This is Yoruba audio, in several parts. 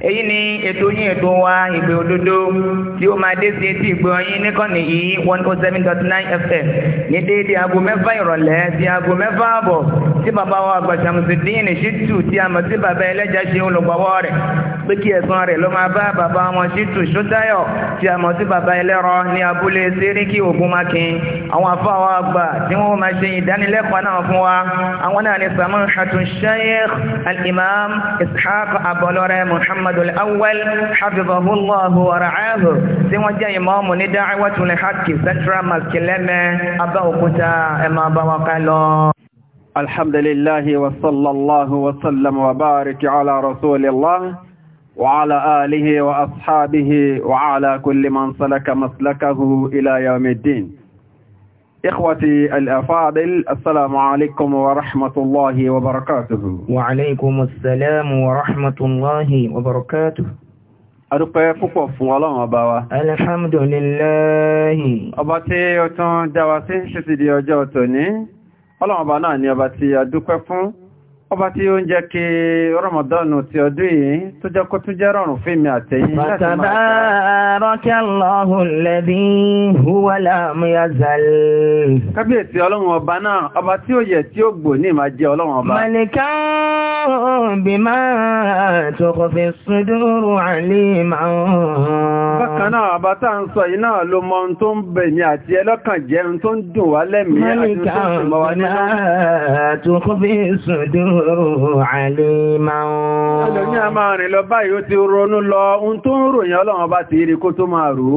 èyí ni ètò yín ètò wa ìgbé òdodo tí ó máa dé sí etí ìgbé ọyìn níkànnì yìí one oh seven dot nine fm ní déédéé aago mẹ́fà ìrọ̀lẹ́ sí aago mẹ́fà àbọ̀ tí bàbá wa Ṣàmùsídíìnì Ṣítù tí a mọ̀ sí bàbá ẹlẹ́jà ṣe olùgbọ́wọ́ rẹ̀ pé kí ẹ̀sán rẹ̀ ló máa bá bàbá wọn Ṣítù Ṣótáyọ̀ tí a mọ̀ sí bàbá ẹlẹ́rọ ní abúlé Séríkì Ògúnmákin àwọn afáwọn àgbà tí wọ́n máa ṣe ìdánilẹ́kọ̀ọ́ náà fún wa àwọn náà ni Samahatu Sheikh Al-Imam Ishaq Abọlọ́rẹ́ Muhammad muhammadu al-awwal hafizahu allahu wa ra'ahu tí wọ́n jẹ́ ìmáàmù ní da'watul haqqi central mosque lẹ́mẹ́ abẹ́òkúta ẹ máa bá lọ. alhamdulillahi wa sallallahu wa sallam wa barik ala rasulillah wa ala alihi wa ashabihi wa ala kulli man salaka maslakahu ila yawmiddin. إخوتي الأفاضل السلام عليكم ورحمة الله وبركاته وعليكم السلام ورحمة الله وبركاته Adúpẹ́ púpọ̀ fún Ọlọ́run ọba wa. Alhamdulillahi. Ọba tí ó tún dáwà sí ṣe ti di ọjọ́ ọ̀tọ̀ ní, Ọlọ́run ọba náà ni ọba tí a dúpẹ́ fún ọba tí ó ń jẹ́ kí Ramadan ti ọdún yìí tó jẹ́ kó tún jẹ́ rọrùn fún mi àtẹ̀yìn láti máa Tabaraka Allahu alladhi huwa yazal. kábíyèsí ọlọ́run ọba náà ọba tí ó yẹ tí ó gbò ní ìmájẹ́ ọlọ́run ọba bima tukhfi as-sudur aliman. Bákan náà, àbá tá ń sọ iná ló mọ tó ń bẹ ní àti ẹlọ́kàn tó ń dùn wá lẹ́mìí àti tó ń sì mọ́ wa nínú.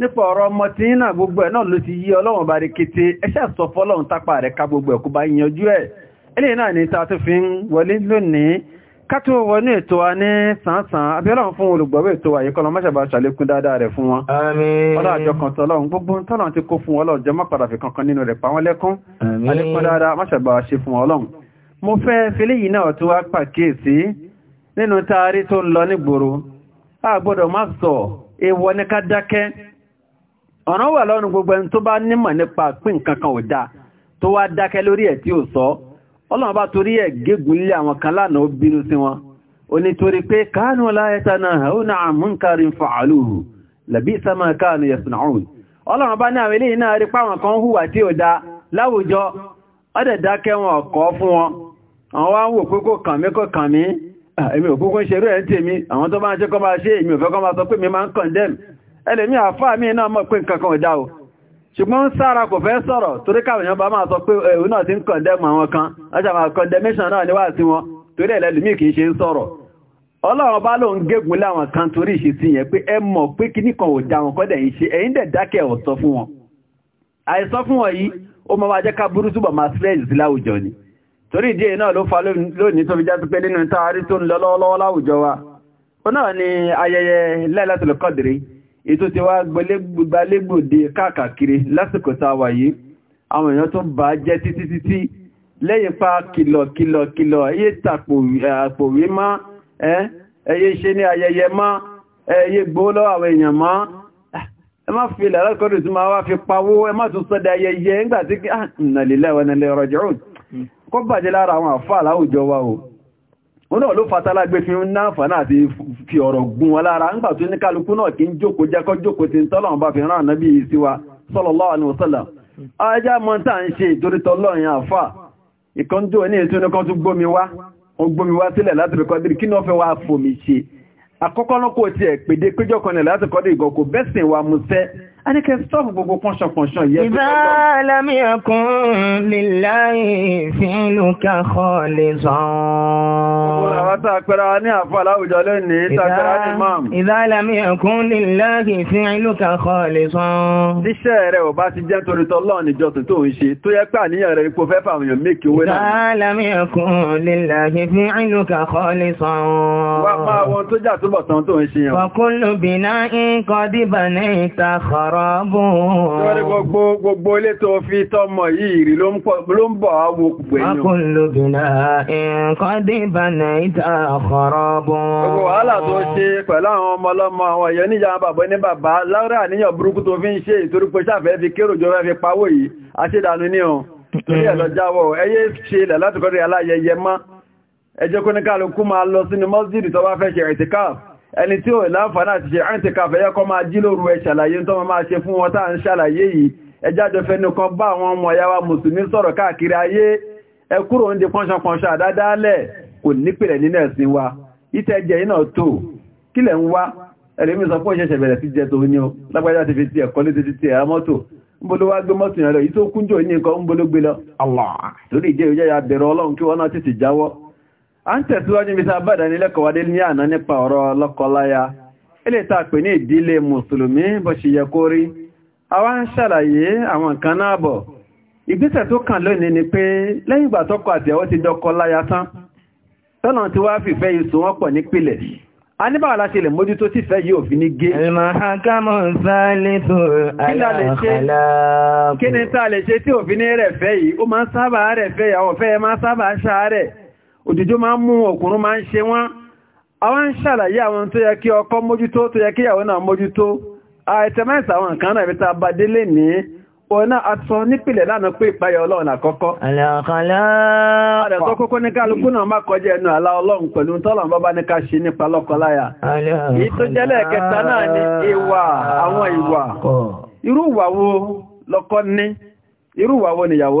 nípa ọ̀rọ̀ ọmọ tí ń náà gbogbo ẹ̀ náà ló ti yí ọlọ́wọ̀n bá rí kété ẹṣẹ́ sọ fọ́lọ́run tápà rẹ̀ ká gbogbo ẹ̀kú bá yanjú ẹ̀ ilé náà ní ta tó fi ń wọlé lónìí kátó wọnú ètò wa ní sàánsàn abẹ́lọ́run fún olùgbọ́wọ́ ètò wa yíkọ́ lọ́mọ́ṣàbà ṣàlékún dáadáa rẹ̀ fún wọn ọlọ́ àjọ kan tọ́lọ́run gbogbo tọ́lọ́run ti kó fún wọn lọ́jọ́ má padà fi kankan nínú rẹ̀ pa wọ́n lẹ́kún alẹ́kún dáadáa máṣàbà ṣe fún ọlọ́run mo fẹ́ fílẹ̀ yìí náà tó wá pàkíyèsí nínú taari tó ń lọ nígboro a gbọ́dọ̀ má sọ èèwọ̀ ní ká dákẹ́ ọ̀ràn wà lọ́rùn gbogbo ẹni tó bá nímọ̀ nípa pín kankan ò dáa tó wá dákẹ́ lórí ẹ̀ tí ó sọ ọlọ́run bá torí ẹ̀ gégùn ilé àwọn kan lánàá ó bínú sí wọn ó ní torí pé káánù láyẹta náà ó na àmúǹkarí ń fa káánù ọlọ́run bá ní ẹlẹ́mí àfáà mí náà mọ̀ pé nǹkankan kan dá o ṣùgbọ́n sára kò fẹ́ sọ̀rọ̀ torí káwẹ̀yàn bá máa sọ pé ẹ̀hùn eh, náà ti ń kọ̀ndẹ́mù àwọn kan ọjà kọ̀ndẹ́mẹ́ṣàn náà níwà sí wọn torí ẹ̀lẹ́lùmí kìí ṣe ń sọ̀rọ̀ ọlọ́run bá lóun gégùn láwọn kan torí ìṣesí yẹn pé ẹ mọ̀ pé kíní kan ò kọ́dẹ̀ ṣe dẹ̀ dákẹ́ ọ̀ sọ fún wọn àìsọ fún wọn yìí ó máa jẹ́ ká burú túbọ̀ máa ètò tí wá gbalégbòde káàkiri lásìkò táwà yìí àwọn èèyàn tó bá jẹ́ títí títí lẹ́yìn pa kìlọ̀ kìlọ̀ kìlọ̀ ẹyẹ tàpòwé má ẹyẹ ṣe ní ayẹyẹ má ẹyẹ gbówó lọ́wọ́ àwọn èèyàn má ẹ má fi ilẹ̀ alákọ̀ọ́dù tí máa wá fi pawó ẹ má tún sọ́dẹ̀ ayẹyẹ nígbà wọn náà ló fatala gbé fi ń náàfà náà ti fi ọ̀rọ̀ gún wọn lára ńgbà tó ní kálukú náà kí ń jókòó jẹ́kọ́ jókòó ti ń tọ́lọ̀ bá fi rán ànábì sí wa sallallahu alaihi wasallam ajá mọ́ta ń ṣe ìtorítọ́ lọ́yìn ní ètò wa musẹ́ a ní kẹ stọ́ọ̀bù gbogbo pọ́nṣọpọ̀nṣọ yẹ bí ìbálàmí ọkùn líláì fílùkà kọ́ lè sọ́ọ̀n àwọn tàpẹ́ra ní àfà láwùjọ lónìí tàpẹ́ra ní mọ́m ìbálàmí ọkùn líláì fílùkà kọ́ lè sọ́ọ̀n díṣẹ́ rẹ̀ ò bá ti jẹ́ torí tọ́lọ́ níjọ tó ń ṣe tó yẹ pé àníyàn rẹ̀ ipò fẹ́fà àwọn èèyàn mékì owó náà ìbálàmí ọkùn líláì fílùkà kọ́ lè sọ́ọ̀n wà máa wọn tó jà túbọ̀ tán tó ń ṣe yàn àrọ́bùn. Lọ́rí gbogbo gbogbo ilé àkọ̀rọ̀bùn. Gbogbo wàhálà tó ṣe pẹ̀lú àwọn ọmọ àwọn èèyàn níjà bàbá ní bàbá láwọ́rẹ́ àníyàn burúkú tó fi ń ṣe ìtorípé sáfẹ́ fi kérò jọ fi pawó yìí, aṣèdànù ẹni tí ó láǹfààní àti ṣe àìntì kàfẹ́ yẹ́kọ́ máa jí lóru ẹ ṣàlàyé tó máa ṣe fún wọn táà ń ṣàlàyé yìí ẹjájọ fẹnukan bá àwọn ọmọ ìyá wa mùsùlùmí sọ̀rọ̀ káàkiri ayé ẹ kúrò ń di pọ́nṣanpọ́nṣan àdádálẹ̀ kò nípìlẹ̀ nínú ẹ̀sìn wa ìtẹ́jẹ iná tó kílẹ̀ ń wá ẹ̀lẹ́mí sọ pọ́ ìṣẹ̀ṣẹ̀ bẹ̀rẹ̀ sí jẹ tó ní o lágbàjá ti fi ti ẹ̀kọ́ lé títí ẹ̀ mọ́tò ńbolo wá gbé Allah lórí ìjẹ́ ya bẹ̀rẹ̀ ọlọ́run kí wọ́n a ń tẹ̀síwájú ibi sábàdà nílẹ́kọ̀wádé ní àná nípa ọ̀rọ̀ lọ́kọláya ilé tàpé ní ìdílé mùsùlùmí bó ṣe yẹ kó rí a wá ń ṣàlàyé àwọn nǹkan náà bọ̀ ìgbésẹ̀ tó kàn lónìí ni pé lẹ́yìn ìgbà tọ́kọ àtìyàwó ti dọ́kọ láya tán tọ́nà tí wá fìfẹ́ yìí sùn wọ́n pọ̀ nípìlẹ̀ a ní báwọn láti lè mójútó tí fẹ́ yìí òfin ní gé kí ni ń sábà rẹ̀ òjòjò máa ń mú ọkùnrin máa ń ṣe wọ́n àwọn ń ṣàlàyé àwọn tó yẹ kí ọkọ mójútó tó yẹ kí ìyàwó náà mójútó àìtẹ́mẹ́sì àwọn nǹkan náà ìbíta bá délé ní ọ̀nà atọ́ nípìlẹ̀ lánàá pé ìpayọ̀ ọlọ́run àkọ́kọ́ náà má kọjá ẹnu irú ní irú nìyàwó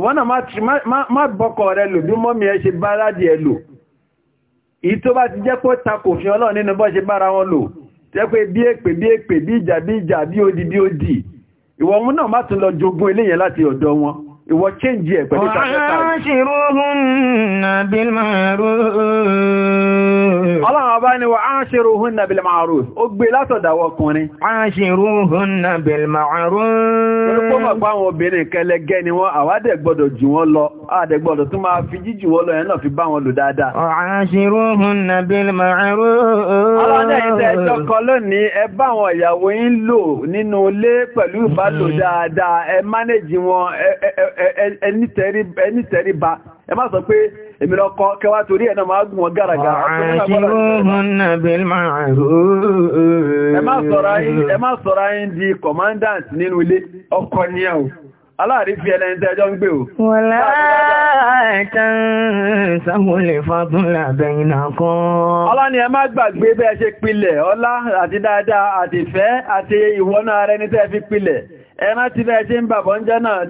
wọ́n náà má bọ́kọ̀ rẹ lò bí mọ́mí ẹ ṣe bá ládìí ẹ lò ìyí tó bá ti jẹ́ pé takò fi ọlọ́ nínú bọ́ ṣe bára wọn lò jẹ́ pé bí èpè bí èpè bí ìjà bí ìjà bí odi bí odi ìwọ mú náà má tún lọ jogún eléyẹn láti ọ̀dọ̀ wọn ìwọ change ẹ̀ pẹ̀lú wá ní wa aashiruhunna bil ma'ruf ó gbé látọ̀dàwọ̀ ọkùnrin aashiruhunna bil ma'ruf orúkọ mọ̀ pa àwọn obìnrin kẹlẹgẹ́ ni wọ́n àwádẹ̀ gbọ́dọ̀ jù wọ́n lọ àdẹ̀ gbọ́dọ̀ tún máa fi jíjù wọ́n lọ yẹn náà fi bá wọn lò dáadáa aashiruhunna bil ma'ruf aláwọ̀dẹ̀ yìí tẹ́ ẹjọ́ kọ lónìí ẹ bá àwọn ìyàwó ẹ má sọ pé èmi ọkọ kẹwa torí ẹ̀nà máa gùn wọn gàràgà ọkọ ní aláàrí fi ẹlẹ́ni tẹ́jọ́ ń gbé o wọ́lá ẹ̀tàn sáhúlẹ̀ fàtúnlẹ̀ àbẹ̀yìnà kan ọlá ni ẹ má gbàgbé ṣe ọlá àti dáadáa àti àti ìwọ́nà tẹ́ fi ti ṣe ń bàbọ̀ ń jẹ́ náà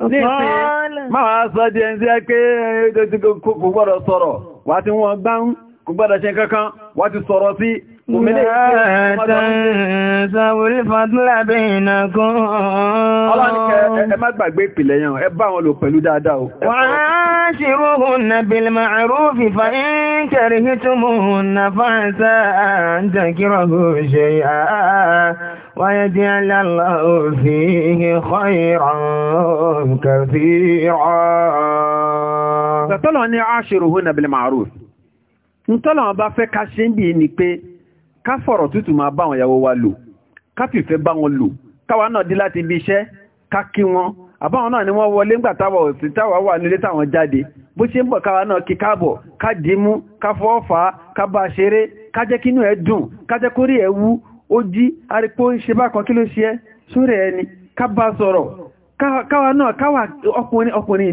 Máa sọ di ẹni tí a pé ẹgbẹ́ tí kò gbọ́dọ̀ sọ̀rọ̀, wà tí wọ́n gbáhún, kò gbọ́dọ̀ ṣe kankan, wà ti sọ̀rọ̀ sí لا تنسوا الفضل بينكم ọlọ́nikẹ́ ẹ má gbàgbé ìpìlẹ̀ yàn ẹ bá wọn lò pẹ̀lú dáadáa o. وعاشروهن بالمعروف فإن كرهتموهن فعسى أن تكرهوا شيئا ويجعل الله فيه خيرا كثيرا. tọ́lọ̀ ni aṣèròhùn nàbìlì màrúf ń tọ́lọ̀ bá fẹ́ ká ṣe ká fọ̀rọ̀ tútù máa bá wọn yàwó wa lò ká fìfẹ́ bá wọn lò káwa náà dí láti ibi iṣẹ́ ká kí wọn àbáwọn náà ni wọ́n wọlé ńgbà táwa òsì táwa wà nílé táwọn jáde bó ṣe ń bọ̀ káwa náà kí káàbọ̀ ká dìímú ká fọ́ọ̀fà ká bá ṣeré ká jẹ́ kínú ẹ̀ dùn ká jẹ́ kórí ẹ̀ wú ó jí arípò ṣe bá kan kí ló ṣe ẹ́ sórí ẹni ká bá sọ̀rọ̀ káwa náà káwa ọkùnrin ọkùnrin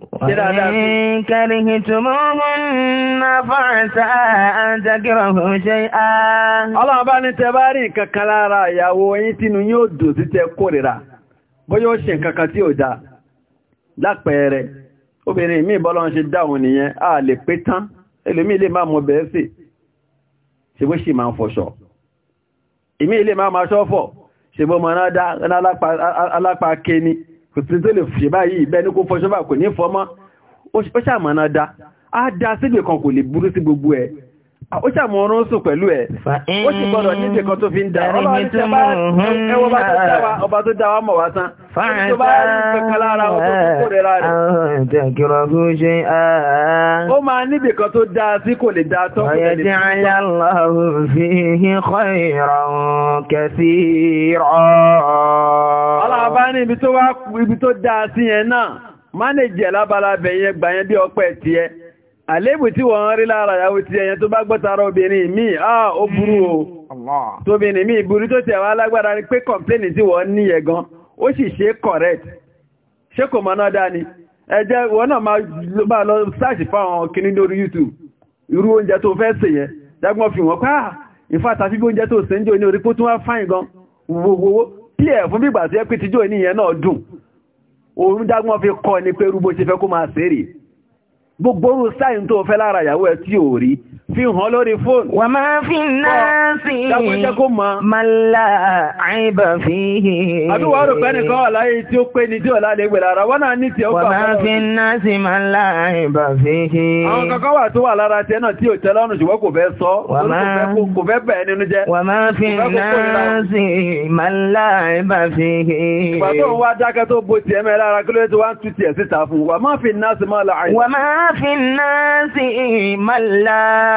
وإن كرهتموهن فعسى أن تكرهوا شيئا Ọlọ́run bá ní tẹbárí kankan lára ìyàwó yín tínú yóò dò sí tẹ kórìíra, bóyá ó ṣe nǹkankan tí ò dáa. Lápẹẹrẹ, obìnrin mi bọ́lọ́n ṣe dáhùn nìyẹn, a lè pé tán, ẹlòmí lè máa mọ bẹ̀ẹ́ sí, ṣe bó ṣì máa ń fọṣọ. Ìmí ilé máa máa ṣọ́fọ̀, ṣe bó mọ alápàá kéni kò sí tó lè fi báyìí bẹ́ẹ̀ ní kó fọṣọ́ bá kò ní fọmọ́ ó ṣàmọ̀nà dá á dá síbì kan kò lè burú sí gbogbo ẹ̀ Ah, ó ṣàmù oorun sùn pẹ̀lú ẹ̀ ó sì gbọ́dọ̀ ní ìṣẹ̀kan tó fi ń da ọba tó dáwà mọ̀ wá tán tó bá kẹ́kẹ́ lára wọn tó kúkú rẹ̀ rárẹ̀ ó máa níbì kan tó dáa sí kò lè dáa tọ́ àlébù tí wọ́n rí lára ìyàwó ti ẹ̀yẹn tó bá gbọ́tara obìnrin mi àà ah, ó burú o tóbìnrin mi burú tó tẹ̀wà alágbára ni pé kọ̀mpléènì tí wọ́n ní ẹ̀gan ó sì ṣe correct ṣé kò mọ̀ dání ẹjẹ́ wọ́n náà máa lọ sáàṣì fáwọn kìíní lórí YouTube irú oúnjẹ tó fẹ́ sè yẹn jágbọ́n fi wọ́n pa ìfàtà fífi oúnjẹ tó sè ń jò ní orí kó tún wá fáìn gan wòwòwò tí ẹ̀ fún bígbà tí ẹ pé tíjọ́ ìníyẹn náà dùn òun jágbọ́n fi kọ́ ni pé rúbó ṣe fẹ́ kó máa sèrè gbogbo orú sáyìn tó fẹ́ lára ìyàwó ẹ tí ò rí fi hàn lórí fóònù. wà máa fi náà sí màlá àìbà fi hì. àbí wàá rò pé nìkan wà tí ó pé ní tí ọ̀la lè gbèrè ara wọn náà ní tiẹ̀ ó gbà. wà máa fi náà sí màlá àìbà fi hì. àwọn kankan wà tó wà lára tiẹ̀ náà tí ò tẹ́ lọ́rùn ṣùgbọ́n kò fẹ́ sọ kò fẹ́ bẹ̀ẹ́ nínú jẹ́. wà máa fi náà sí màlá àìbà fi hì. ìgbà tó dákẹ́ tó bo tiẹ̀ mẹ́ lára kí ló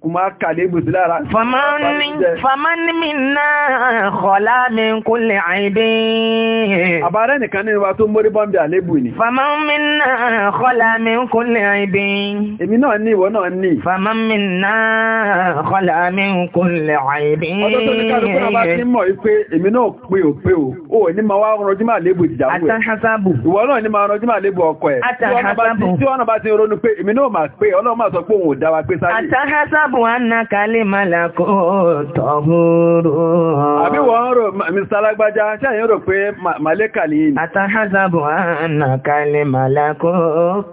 kuma kalibu silara famani minna kọla min kulle aibe nìkan ní wa tó mórí bọ́m̀bì àlébù ni famani minna kọla min kulle aibe èmi náà ní ìwọ náà ní famani minna kọla min kulle aibe ọdọ́ tó ní kálukú náà bá ti mọ̀ wípé èmi náà pé ò pé ò ó ní ma wá rọjú máa lébù ìjàmù ẹ̀ àtàṣàbù ìwọ náà ní ma rọjú máa lébù ọkọ ẹ̀ àtàṣàbù àbò ànàkà lè máa làkó tọ̀húrò. Àbí wọ́n pe Mr. Alágbájá, ṣẹ́yìn rò pé Màlékà lè ní. Àtàhàzàbò ànàkà lè máa làkó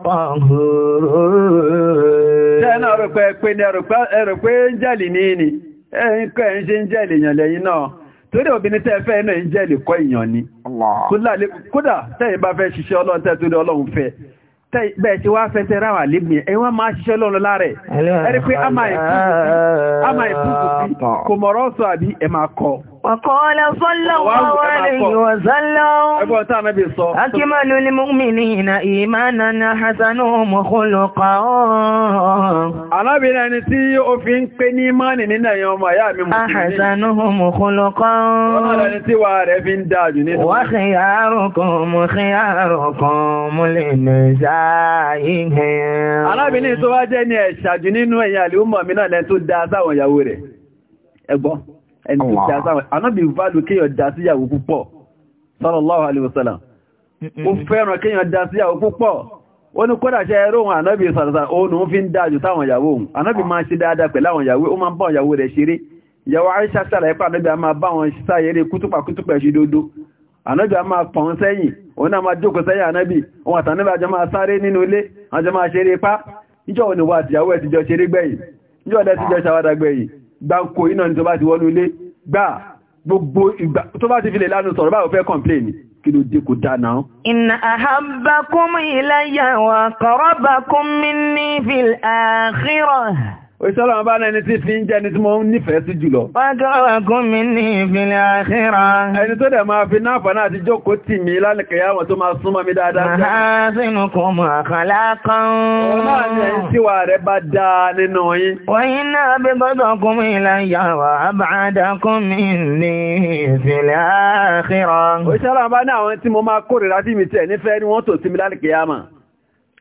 tọ̀húrò. Ṣẹ́yìn náà rò pé torí obìnrin tẹ́ fẹ́ ń ìyàn ni. Kódà tẹ́yìn bá fẹ́ ṣiṣẹ́ ọlọ́run tẹ́ torí ọlọ́run bẹ́ẹ̀ tí wá fẹ́ntẹ́ ráwà lébìn ẹ̀wọ́n máa ṣiṣẹ́ lọ́nà láàrẹ̀ ẹ̀rí pé a máa ìpúpù sí kò mọ̀rọ̀ sọ àbí ẹ máa kọ́ وقال صلى الله عليه وسلم أكمل المؤمنين إيمانا حسنهم خلقا Arábìnrin ẹni tí ó fi ń pé ní mánì nínú ẹ̀yàn ọmọ àyà mi mú sí ní. أحسنهم tó ẹni tó dá sáwọn anábì válù kéèyàn dá síyàwó púpọ̀ sallallahu alaihi wasallam ó fẹ́ràn kéèyàn dá síyàwó púpọ̀ ó ní kódà ṣe ẹrọ ohun anábì sàrẹ̀sà òun òun fi ń dájú táwọn ìyàwó òun anábì máa ṣe dáadáa pẹ̀lú àwọn ìyàwó ó máa ń bá ìyàwó rẹ̀ ṣeré ìyàwó Aisha sára ipa anábì a máa bá wọn sáyẹrẹ kútùpàkútùpà ṣe dodo anábì a máa pọ̀n sẹ́yìn òun náà máa jókòó sẹ́yìn anábì òun àtànábì àjọ máa sáré nínú ilé àjọ máa ṣeré ipá níjọ́ òun ìwà àtìyàwó ẹ̀ ti jọ ṣeré gbẹ̀yìn níjọ́ ọ̀dẹ́ ti jọ ṣàwádà gbẹ̀yìn gbáǹkó iná ní tó bá ti wọ́nú ilé gbà gbogbo ìgbà tó bá ti fi lè lánú sọ̀rọ̀ báwo fẹ́ kọ̀m̀pléènì kí ló dé kò dáná. inna ahabbakum ilayya wa aqrabakum minni fil akhirah òṣèlọ́wọ́ bá lẹni tí fi ń jẹ́ ní tí mo ń nífẹ̀ẹ́ sí jùlọ. Fájọ́wàkún mi ní ìfìnlẹ̀ àṣírà. Ẹni tó dẹ̀ máa fi náà fàná àti jókòó tì mí lálẹ́kẹ̀ẹ́ àwọn tó máa súnmọ́ mi dáadáa. Màá sínú kò mọ̀ àkànlá kan. Ọ̀rọ̀ náà ni ẹni tí wà rẹ̀ bá dáa nínú yín. Wọ́yìn náà bí gbọ́dọ̀ kún mi láyà wà bàdákún mi ní ìfìnlẹ̀ àṣírà. Òṣèlọ́wọ́ bá ní àwọn tí mo máa kórìíra tí mi tẹ̀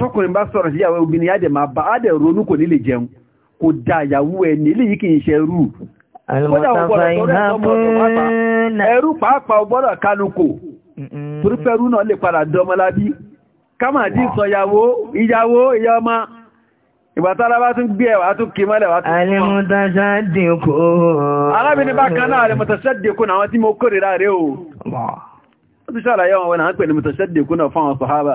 tọkùnrin bá sọ̀rọ̀ síyàwó obìnrin àdẹ̀ máa bá àdẹ̀ ronú kò ní lè jẹun kò da ìyàwó ẹni eléyìí kì í ṣe rú ẹrú pàápàá ọgbọ́dọ̀ kánukò torípẹ́rú náà lè padà dọmọlábí kámà dí sọ ìyàwó ìyàwó ìyá ọmọ ìgbàtàrà bá tún gbé ẹwà tún kí mọ́lẹ̀ wà tún fún alimutasaddiqu alábìnrin bá kan náà alimutasaddiqu náà tí mo kórìíra rẹ̀ o ó tún ṣàlàyé wọn wọn à ń pè ní mutasaddiqu náà fún àwọn sọ̀hábà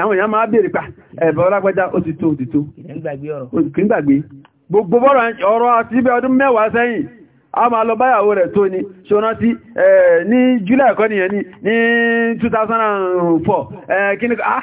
àwọn èèyàn máa bèèrè pa ẹ̀bọ̀ ọlágbẹ́já ó ti tó ti tó kí gbàgbé gbogbo bọ́rọ̀ ọ̀rọ̀ àti ibẹ̀ ọdún mẹ́wàá sẹ́yìn a máa lọ báyàwó rẹ̀ tó ní ṣọ́nà tí ní July ẹ̀kọ́ nìyẹn ní 2004 kí ní ah,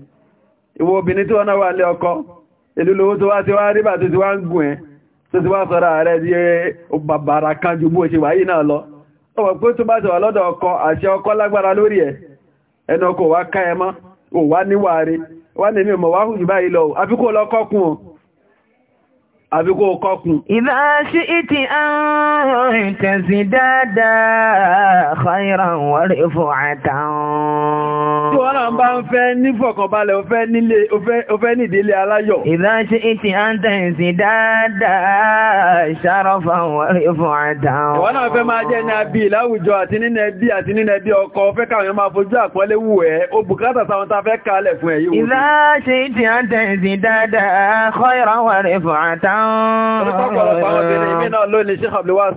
ìwọ obìnrin tí wọ́n náà wà lé ọkọ ìlú lówó tó wá ti wá rí bà tó ti wá ń gùn ẹ́ tó ti wá sọ́ra rẹ̀ di bàbàrà kan ju bó ṣe wà yìí náà lọ ọwọ̀ pé tó bá ti wà ọkọ àṣẹ ọkọ lágbára lórí ẹ̀ ọkọ àbí kó kọkùn. Ìbá ṣí ìtì àwọn ìtẹ̀sí dáadáa, khairan wọ́rẹ̀ fún àtàwọn. Tí wọ́n náà bá ń fẹ́ ní fọ̀kànbalẹ̀, ó fẹ́ ní aláyọ̀. Ìbá ṣí ìtì àwọn dáadáa, sharafan wọ́rẹ̀ fún àtàwọn. Wọ́n náà fẹ́ máa jẹ́ ní abí láwùjọ àti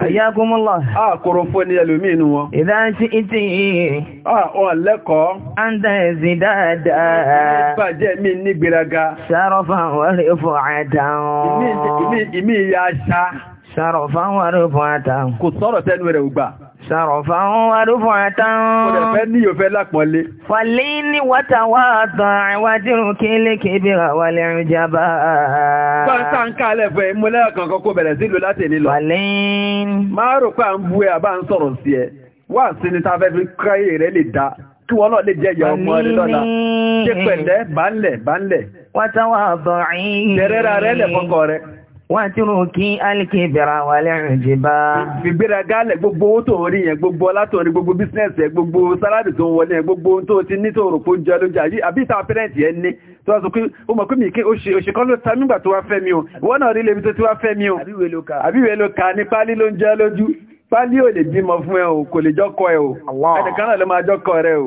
Ayakumullah. Ah, korofo ni ẹlòmí inú wọn. Ìdá ṣe ìtì yìí. Ah, wọn lẹ́kọ̀ọ́. A ń dá ẹ̀sìn dáadáa. Bàjẹ́ mi ní gbéraga. Ṣàrọ̀fà wọ́n rí fún àdáhùn. Ìmí ìyá ṣá. Ṣàrọ̀fà wọ́n rí fún àdáhùn. Kò sọ̀rọ̀ tẹ́nu rẹ̀ gbà. Ṣàrọ̀fà ń wá rúfọ̀ àtàn. Mo dẹ̀ fẹ́ ní ìyòfẹ́ lápọ̀lé. Fọ̀lé ní wọ́tàwọ́ àtàn àìwájírù kí lè kébé àwà lẹ́rin jábá. Gbọ́ntà ń kálẹ̀ fẹ́ mú lẹ́ọ̀kan kọ́kọ́ bẹ̀rẹ̀ sí ìlú láti èlé lọ. Fọ̀lé ní. Máa rò pé à ń bú ẹ àbá ń sọ̀rọ̀ sí ẹ. Wà sí ni táfẹ́ fi káyè rẹ̀ lè dá. Kí wọ́n náà lè jẹ́ ìyá ọmọ rẹ̀ lọ́la. Ṣé pẹ̀lẹ́ bá ń lẹ̀ bá ń lẹ̀. Wọ́tàwọ́ wọ́n tí rún kí alìkìbìrà wà lẹ́rìn jìbá. ìgbéra gálẹ̀ gbogbo owó tó rí yẹn gbogbo látòrí gbogbo bísínẹ̀sì ẹ gbogbo sálárì tó ń wọlé yẹn gbogbo tó ti ní tòrò kó jẹ lójú àyí àbí ìta pẹ́rẹ́ǹtì ẹ ní tó wá sọ pé ó mọ̀ pé mi kí oṣù kan ló ta nígbà tó wá fẹ́ mi o ìwọ náà rí o àbíwẹ̀ ló ò lè bímọ fún ẹ o kò lè jọ́kọ ẹ o ẹnìkan náà ló máa jọ́kọ rẹ o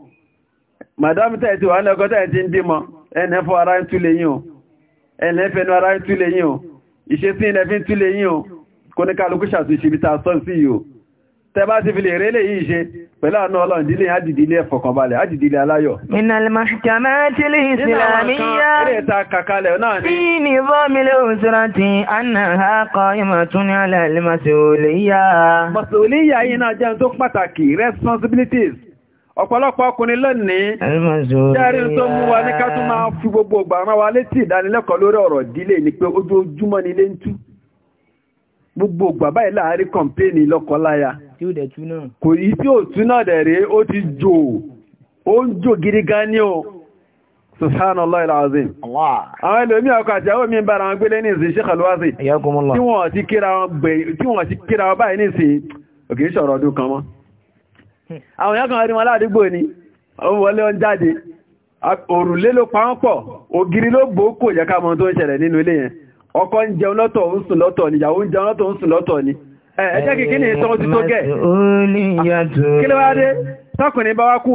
madam tẹ́ ti wà ní ọkọ̀ tẹ́ ti ń bímọ ẹni ẹfọ́ ara ń túlé yín o ẹni ẹfẹ́nu ara ń túlé yín o ìṣesí ilẹ̀ fi ń túlé yín kò ní kálukú ṣàtúnṣe ibi ta sọ́n sí yìí o bá ti fi lè rélé yìí ṣe pẹ̀lú àánú ọlọ́run dílé àdìdílé ẹ̀fọ̀kànbalẹ̀ àdìdílé aláyọ̀. minal mahkamati al-islamiyya ọ̀pọ̀lọpọ̀ ọkùnrin lónìí jẹ́rin tó mú wa ní ká tún máa fi gbogbo ọgbàrán wa létí ìdánilẹ́kọ̀ọ́ lórí ọ̀rọ̀ dílé ní pé ojoojúmọ́ ni lé ń tú gbogbo ọgbà báyìí láàárín kọ̀mpléènì lọ́kọláya kò yí tí ò tú náà dẹ̀rẹ́ ó ti jò ó ń jò gidi gan ni o subhanallah alazim àwọn ẹlòmí ọkọ̀ àti àwọn mìí bára wọn gbélé ní àwọn èèyàn kan rí wọn ládùúgbò ni ó wọlé ọ́n jáde òrùlé ló pa pọ̀ ògiri ló bò kò jẹ́ ká mọ̀ tó ń ṣẹlẹ̀ nínú ilé yẹn ọkọ ń jẹun lọ́tọ̀ ń sùn lọ́tọ̀ ni ìyàwó ń jẹun lọ́tọ̀ ń sùn lọ́tọ̀ ni ẹjẹ́ kìkí ní ti tó gẹ̀ kú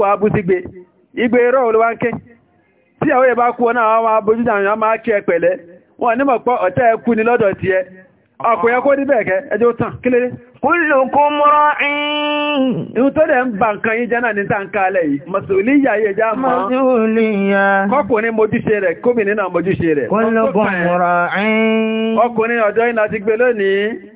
igbe ọkùnrin kó níbẹ̀ ẹ̀kẹ́ ẹjọ́ tàn kílé kúlùkún mọ́rọ̀ ìyìn tó dẹ̀ ń bà nǹkan yí náà ní tàǹkà alẹ́ yìí mọ̀sùlíyà yẹ já mọ́ kọkùnrin mojúṣe mojúṣe rẹ̀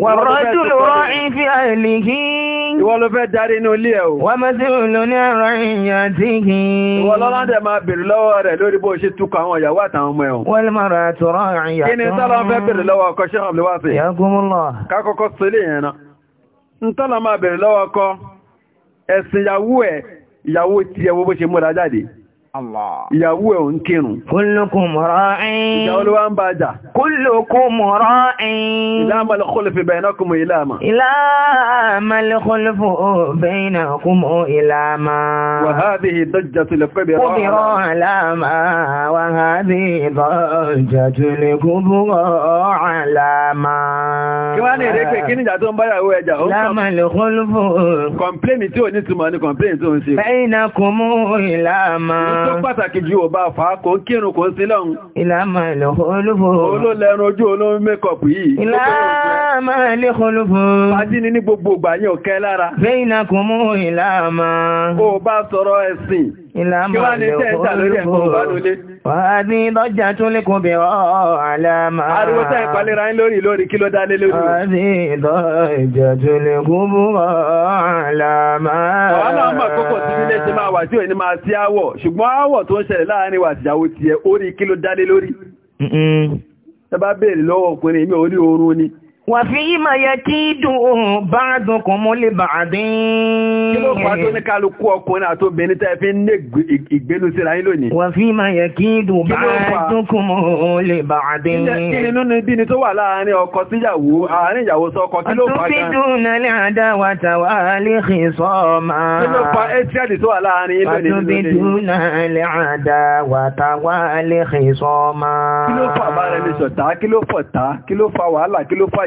Wàrọ́jùlù rọ́ìn fi àìlìkí. Ìwọ ló fẹ́ darí inú ilé ẹ̀ o. Wà mẹ́ sí ìlú ní ẹ̀rọ ìyàn tí kì í. Ìwọ lọ́lọ́dẹ̀ máa bèèrè lọ́wọ́ rẹ̀ lórí bó ṣe túkọ̀ àwọn ìyàwó àtàwọn ọmọ ẹ̀hùn. Wọ́n lè máa rà àtọ̀rọ̀ Kí ni tọ́lọ́ ìyàwó ẹ̀ ń kírun. kullukum ra'in. ìjà olúwa ń bá jà. kullukum ra'in. ila mal khulfu bainakum ilama. ila mal khulfu bainakum ilama. wa hadhihi dajjatul kubra. kubra alama wa hadhihi dajjatul kubra alama. kí wá ní ìrẹ́pẹ̀ kí níjà ń bá ìyàwó ẹja. ila mal khulfu tó pàtàkì ju ọba fàákò kírùn kò sí lọ́n ìlàmà ìlọ́kọ̀ olóbò olólẹ́rún ojú olómi mẹ́kọ̀pù yìí ìlàmà ìlẹ́kọ̀ olóbò fàájíní ní gbogbo ìgbà yẹn ò kẹ́ lára ilá máa lè olóògbé wà ní lọ́jà tún lékún bí ọ́ àlàmà ariwo tẹ́ ìpalera ń lórí lórí kí ló dá lé lórí wà ní lọ́jà tún lékún bí ọ́ àlàmà wọ́n náà mọ̀ kókò tí nílé ṣe máa wà tí ò ní máa sí ṣùgbọ́n áwọ̀ tó ń ṣẹlẹ̀ láàrin wà tìyàwó tiẹ̀ orí kí ló dá lórí ẹ bá lọ́wọ́ ọkùnrin mi ò ní oorun ni Wàfí ìmọ̀ yẹ kí dùn ohun bá dùn kùn mú lè bà dín. Kí ló fà tó ní kálukú ọkùnrin àti obìnrin tẹ́ fi ń ní ìgbénú síra yín lónìí? Wàfí ìmọ̀ yẹ kí dùn bá dùn kùn mú lè bà dín. Kí ni nínú ibi ni tó wà láàárín ọkọ síyàwó, àárín ìyàwó sọ́kọ, kí ló fà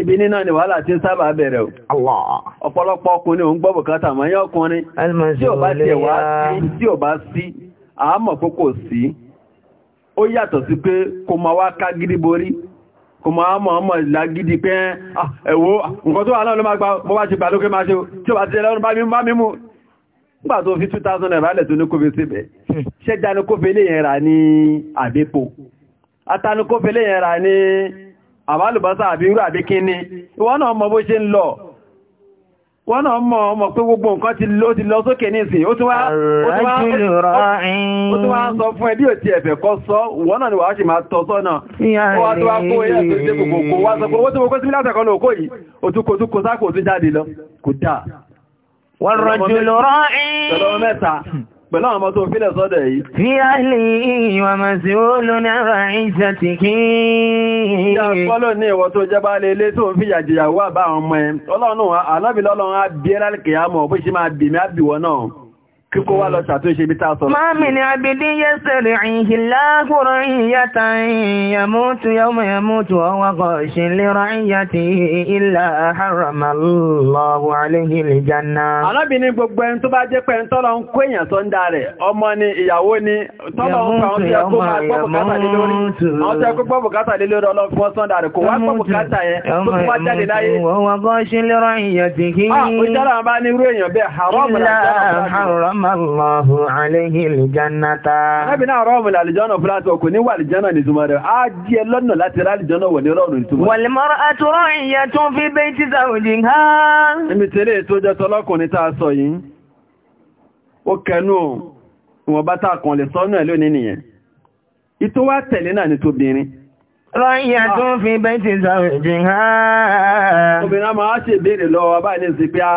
ibi nínà ni wàhálà tí ń sábà bẹ̀rẹ̀ ọ̀pọ̀lọpọ̀ ọkùnrin òun gbọ́bù kátà mọ́ yẹ́ ọkùnrin tí ò bá ti ẹ̀wà tí ò bá sí àámọ̀ pé kò sí ó yàtọ̀ sí pé kò máa wá ká gidi borí kò máa mọ̀ ọmọ ìlà gidi pé ah, ẹ̀wọ́ nǹkan tó wà náà ló máa gba bọ́ bá ti bà lókè máa ṣe tí ò bá ti ẹlẹ́run bá mi bá mi àbálùbọ́sà àbí irú àbí kí ní wọ́n náà mọ bó ṣe ń lọ wọ́n náà mọ ọmọ pé gbogbo nǹkan ti lọ ti lọ sókè nísìn ó tún wá sọ fún ẹbí òtí ẹ̀fẹ̀ kọ́ sọ wọ́n náà ni wà á ṣe máa tọ́ sọ́nà wọ́n tó wá kó ẹ̀yà tó ṣe gbogbo wá sọ pé owó tó gbogbo sí mílátẹ̀ kan lóòkó yìí òtúkòtúkò sákò tún jáde lọ kò dáa wọ́n rọ̀jù lọ́rọ̀ pẹ̀lú àwọn ọmọ tó fílẹ̀ sọ́dẹ̀ yìí. Fi àìlè ìwà máa sí ó ló ní àrà ìṣẹ́ ti kí. Ìyá pọ́lọ̀ ní ìwọ tó jẹ́ bá lè lé tó ń fi yàjìyàwó àbá àwọn ọmọ ẹ. Ọlọ́run náà, àlábìlọ́lọ́run á bí ẹ́ kíkó wá lọ ṣàtúnṣe ibi tá a sọ̀rọ̀. máa mi ni abidí yẹ sẹ̀rẹ̀ ìhìn láàkùrọ̀ ìyàtà ìyàmótú yọmọ yàmótú ọwọ́kọ̀ ìṣìnlérọ̀ ìyàtì ilà àhàràmàlọ́wọ́ aléhì lè jana. alábìnrin gbogbo ẹni tó bá jẹ́ pé ń tọ́lọ ń kó èèyàn tó ń da rẹ̀ ọmọ ni ìyàwó ni tọ́lọ ń pa ọ̀sẹ̀ kó máa gbọ́ bùkátà lé lórí ọ̀sẹ̀ kó gbọ́ bùkátà lé lórí ọlọ́gbọ́n sọ́ndà rẹ̀ kò wá gbọ́ bùkátà yẹn tó tó bá jáde láyé. ọwọ́kọ̀ ìṣìnlérọ̀ ìyàtì kí. Harramallahu alayhi al-jannata. Ẹbí náà rọ́ọ̀mù làlìjọ́nà fúláṣọ kò ní wà lìjọ́nà ní túnmọ̀ rẹ̀. Á jí ẹ lọ́nà láti rá lìjọ́nà wọ̀ ní rọ́ọ̀nù ní túnmọ̀. Wal mar'atu ra'iyatun fi bayti zawjiha. Ẹmi tẹ́lẹ̀ tó jẹ́ tọ́lọ́kùnrin tá a sọ yìí. Ó kẹnu ìwọ̀n bá tá a kàn lè sọ́nà ẹ̀ lónìí nìyẹn. Ìtó wá tẹ̀lé náà ní tóbìnrin. Rọ́yìn àtúnfin bẹ́ẹ̀ ti sàrò jìn hàn. Obìnrin máa ṣèbéèrè lọ́wọ́ báyìí ní sí pé á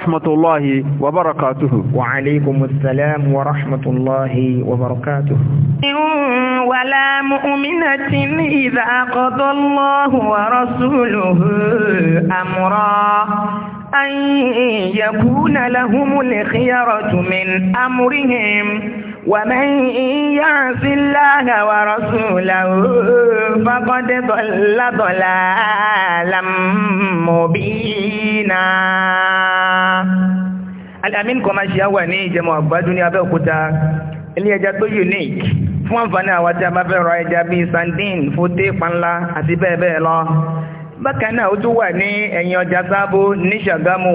ورحمة الله وبركاته وعليكم السلام ورحمة الله وبركاته ولا مؤمنة إذا قضى الله ورسوله أمرا أن يكون لهم الخيرة من أمرهم ومن يعص الله ورسوله فقد ضل ضلالا مبينا Al-Amin commercial wà ní ìjẹmọ̀ àgbàdún ní Abẹ́òkúta ilé ẹja tó unique fún àǹfààní àwọn tí a bá fẹ́ ra ẹja bíi sandine fóté panla àti bẹ́ẹ̀ bẹ́ẹ̀ lọ bákan náà ó tún wà ní ẹ̀yìn ọjà sábó ní Ṣàgámù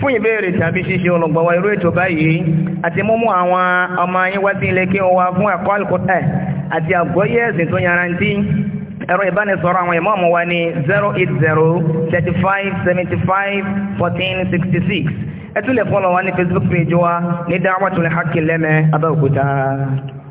fún ìbéèrè tàbí ṣíṣe olùgbọ̀wọ́ irú ètò báyìí àti múmú àwọn ọmọ yín wá sí ilé kí wọ́n wá fún ẹ̀kọ́ àlùkùtẹ̀ àti àgbọ́yé ẹ̀sìn tó yarantí ẹ̀rọ ìbánisọ̀rọ̀ àwọn ìmọ̀ọ̀mù wa ní 08035751466 ẹ tún lè fọ́lọ̀ wa ní Facebook page wa ní Da'watul Haqqi lẹ́mẹ̀ẹ́ Abẹ́òkúta